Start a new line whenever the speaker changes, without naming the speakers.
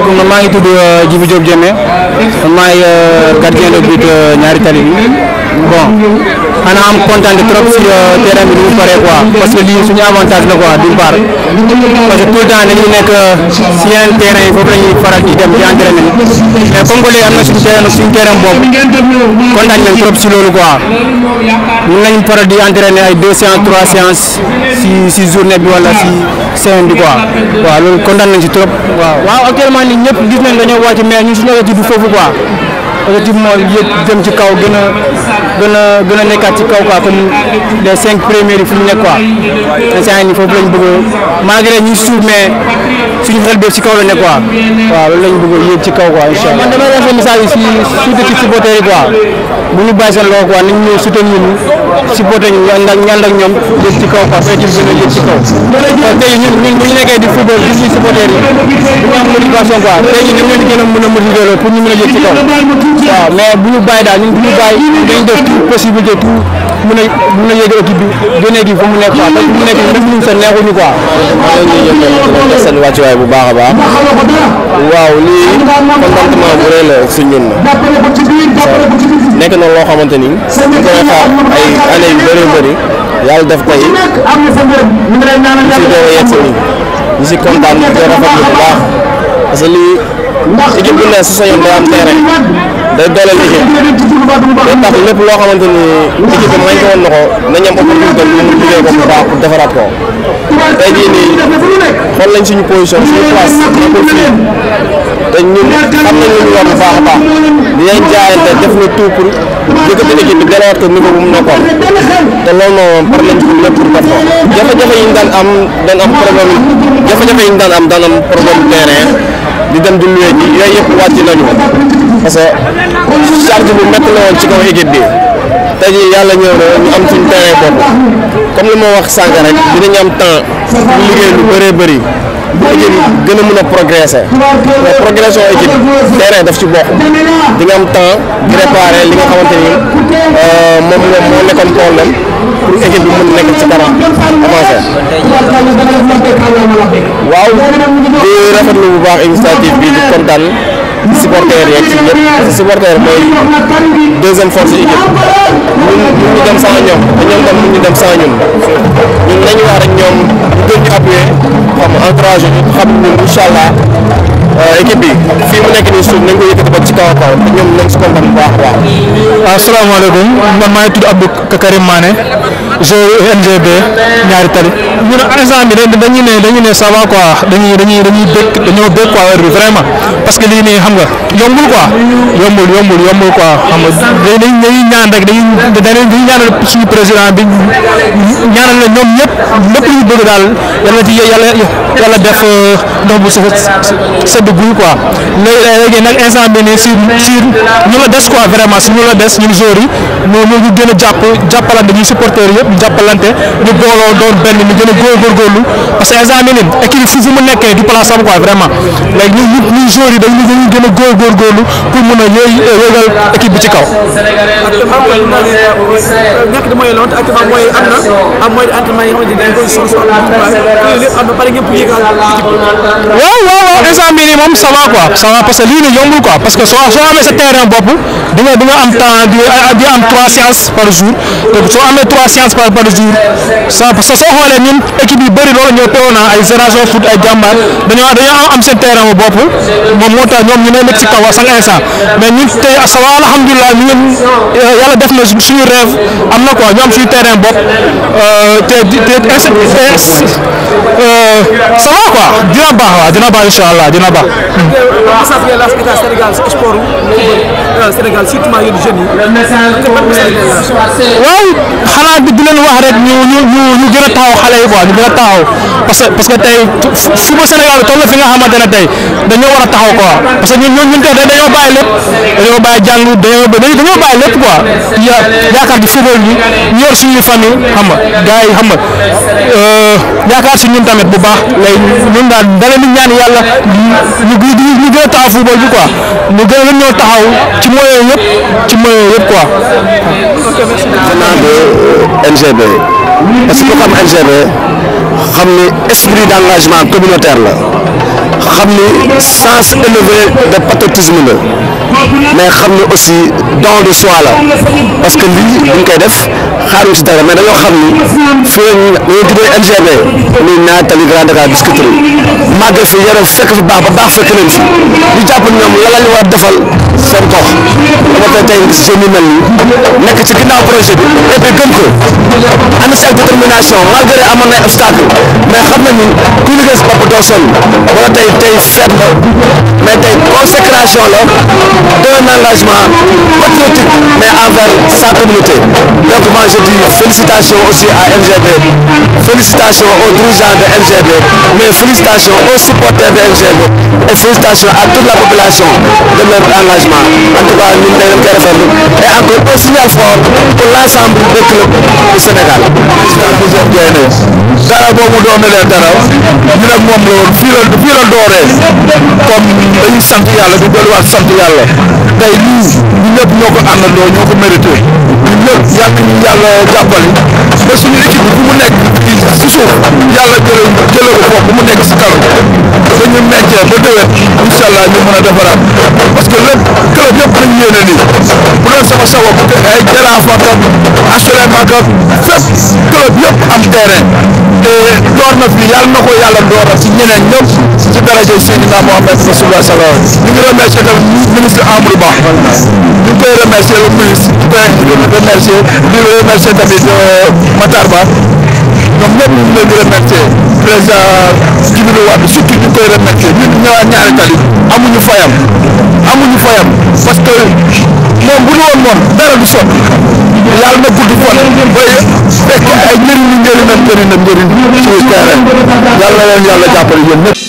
ma maa ngi tudd euh, Djibi Diop Diémé maay euh, gardien de but ñaari tali bi bon
xanaa am kontaan trop si euh, terrain bi ni mu paree quoi parce que lii suñu avantage la quoi
d'une part parce que tout le temps nekk si yeneen terrain yi foofu la ñuy faral di dem di entraîner mais comme que léegi am na suñu terrain suñu terrain boobu kontaan trop si loolu quoi. mun nañ pare di entraîner ay deux séances trois séances si si journée bi wala si semaine bi quoi waaw loolu kontaan nañ si trop waaw. waaw actuellement nii ñëpp gis nañ dañoo wàcc mais ñun suñu nawet bi du foofu quoi. effectivement yëpp jëm ci kaw gën a gën a gën a nekkaat ci kaw quoi comme les cinq premiers yi fu ñu nekk quoi instant yii foofu lañ bëgg a malgré ñu suuf mais suñu xel bi ci kaw la nekk quoi waaw loolu lañ bëgg a yéeg ci kaw quoi a allah. man damay lancer message bi si surtout ci supporters yi quoi bu ñu bàyyi seen loxo quoi nañ ñu soutenir ñu supporter ñu ñaan ak ñaan ak ci kaw a yéeg ci nekkee di football ñu supporters yi bu a mën a motiver loolu pour ci kaw. waaw mais bu ñu bàyyi daal ñun bu ñu bàyyi dañ def tout mun a mun fa mu nekk quoi parce que mu nekk def luñ sa neexuñu bu baax a baax. waaw lii
contentement bu rëy la si ñun. nekk na loo xamante ni. ñu koy xaar ay années yu def tey a nii si kontaan ñu koy rafetlu bu baax parce que lii équipe bu ne su soñoon day am terrain. day dooleel équipe day loo xamante ni ko nañ am opportunité mu liggéey ko bu suñu position suñu place te ñun xam def na tout pour yëkkati équipe bi delawaat ko niveau bu mu nekkoon te loolu noonu par nañ yi ñu daan am di dem di yëpp wàcc nañu parce que charge bu métti la woon ci kaw équipe bi tey jii yàlla ñëw na ñu am suñu terrain bopp comme li ma wax sànq rek dinañ am temps pour liggéey lu bëree gën a mën a progresser mais équipe terrain daf ci bokk di nga am li xamante ni euh, moom moom moo nekkoon problème pour équipe bi mën nekk ci kanam avancé. waaw di rafetlu bu baax initiative bi kontaan. supporters yeeg si ñëpp parce que supporter mooy deuxième force équipe ñun ñun ñu dem sans ñoom te ñoom tam ñu dem sans ñun ñun nañu wax rek ñoom ñu gën xam encouragé xam ñun incha allah euh, équipe bi mu nekk
ni suuf nañ ko yëkkati ba ci kaw a ñoom nañ si kontaan bu baax a baax. asalaamaaleykum man tudd Abdou Karim Mané. GNGB ñaari tali ñun instant bi dañuy ne dañuy ne ça va quoi dañuy dañuy dañuy bëgg dañoo bëgg quoi heure bi vraiment parce que lii nii xam nga yombul quoi yombul yombul yombul quoi xam nga dañuy dañuy ñaan rek dañuy dañuy ñaanal suñu président bi ñaanal la ñoom ñëpp lépp lu ñu bëgg daal yàlla ci yàlla yàlla def euh, ndox bu sedd guy quoi léegi nag instant bi nii sur sur ñu la des quoi vraiment si ñu la des ñun joueurs yi ñoo ñu gën a jàpp jàppalante ñuy supporteurs yëpp ñu jàppalante ñu booloo doon benn ñu gën a góorgóorlu parce que instant bi nekkee du place am quoi vraiment léegi gën a góorgóorlu pour mun a yooyu yëgal bi ci kaw. nekk di mooy lont actuellement mooy am na am mooy moom ça va quoi parce que lii nii yombul quoi parce que soo amee sa terrain bopp di nga nga am temps di di am trois séances par jour donc soo amee trois séances par par jour ça parce que soo xoolee ñun équipe yu bëri loolu ñoo teewoon ay génération foot ay jàmbaar dañoo dañoo am seen terrain bu moom moo tax ñoom ñu ne nekk ci kaw sax instant mais ñun tey ça va alhamdulilah ñu euh, def na suñu rêve am na quoi ñu am suñu terrain bopp euh, te te te euh, ça va quoi dina baax waaw dina baax
Sénégal surtout yéen jeunes yi.
xanaa di leen wax rek ñu a taxaw xale yi quoi ñu gën a taxaw parce que parce que tey fu ba Sénégal bi toll fi nga xamante dañoo war a taxaw quoi parce que ñun ñun tey dañoo bàyyi lépp dañoo bàyyi jàng dañoo dañoo bàyyi lépp quoi ya yaakaar ci football bi ñu yor suñuy famille xam nga gars yi xam nga si euh, ñun tamit bu baax lay ñun daal da ñaan yàlla ñu ñu ñu gën a taxaw football bi quoi ñu a ñoo taxaw ci moyens yëpp ci moyens yëpp quoi.
venant de euh, NGB parce que ku xam NGB xam ni esprit d' communautaire la xam ni sens élevé de patriotisme la. mais xam ne aussi don de soi la parce que lii buñ koy def xaaruñ si dara mais dañoo xam ni fii la ñuy ñu tuddee NGB muy ñaari tali Grand Dakar Biscuiterie màggal fekk fi baax ba baax fekk leen fi ñu jàpp ñoom la lañu defal seen gox dama koy tey gis seen yu nekk ci ginnaaw projet bi et puis gëm ko ànd si ak détermination malgré amoon na ay xam nañu ku liggéey si bopp wala tey tey feet la mais tey la. d'un engagement patriotique mais envers sa communauté. Donc moi je dis aussi à MGB, félicitations aux dirigeants de MGB, mais félicitations aux supporters de MGB et à toute la population de leur engagement. En tout cas, nous devons faire encore un signal fort.
l'ensemble des clubs du Sénégal Jean Dieng dara boobu doonalee dara ñu ne moom la woon fii la fii la dooree comme dañuy sant yàlla li delluwaat sant yàlla tey lii ñu ñëpp ñoo ko àndandoo ñoo ko mérité ñu ñëpp yàlla ñu ba suñu équipe bu mu nekk ci suuf yàlla jëlee jëlee ko foofu mu nekk si kaw ba ñu meccee ba déwén incha ñu mën a defaraat parce que lépp club yëpp dañu yéene nii sama sago ay jaraaf ak HLM ak fépp club yëpp am terrain te door na fi yàlla na ko yàlla dooral ci ñeneen ñëpp ci daraja Seydina Mohamed Rasulullah sallallahu alayhi wa sallam ñu ngi remercier tamit ministre Amadou Ba ñu ngi koy remercier le ministre di koy remercier di remercier tamit euh, Matar Ba ñoom ñëpp ñu ngi leen di remercier président Djibril Wade surtout ñu koy remercier ñun ñëwaat ñaari tali amuñu fayam amuñu fayam parce que moom bu ñu woon moom dara du sotti yàlla na gudd fan ba fekk ay njëriñu njëriñam njëriñam njëriñ ci terrain yàlla na leen yàlla jàppale yéen ñëpp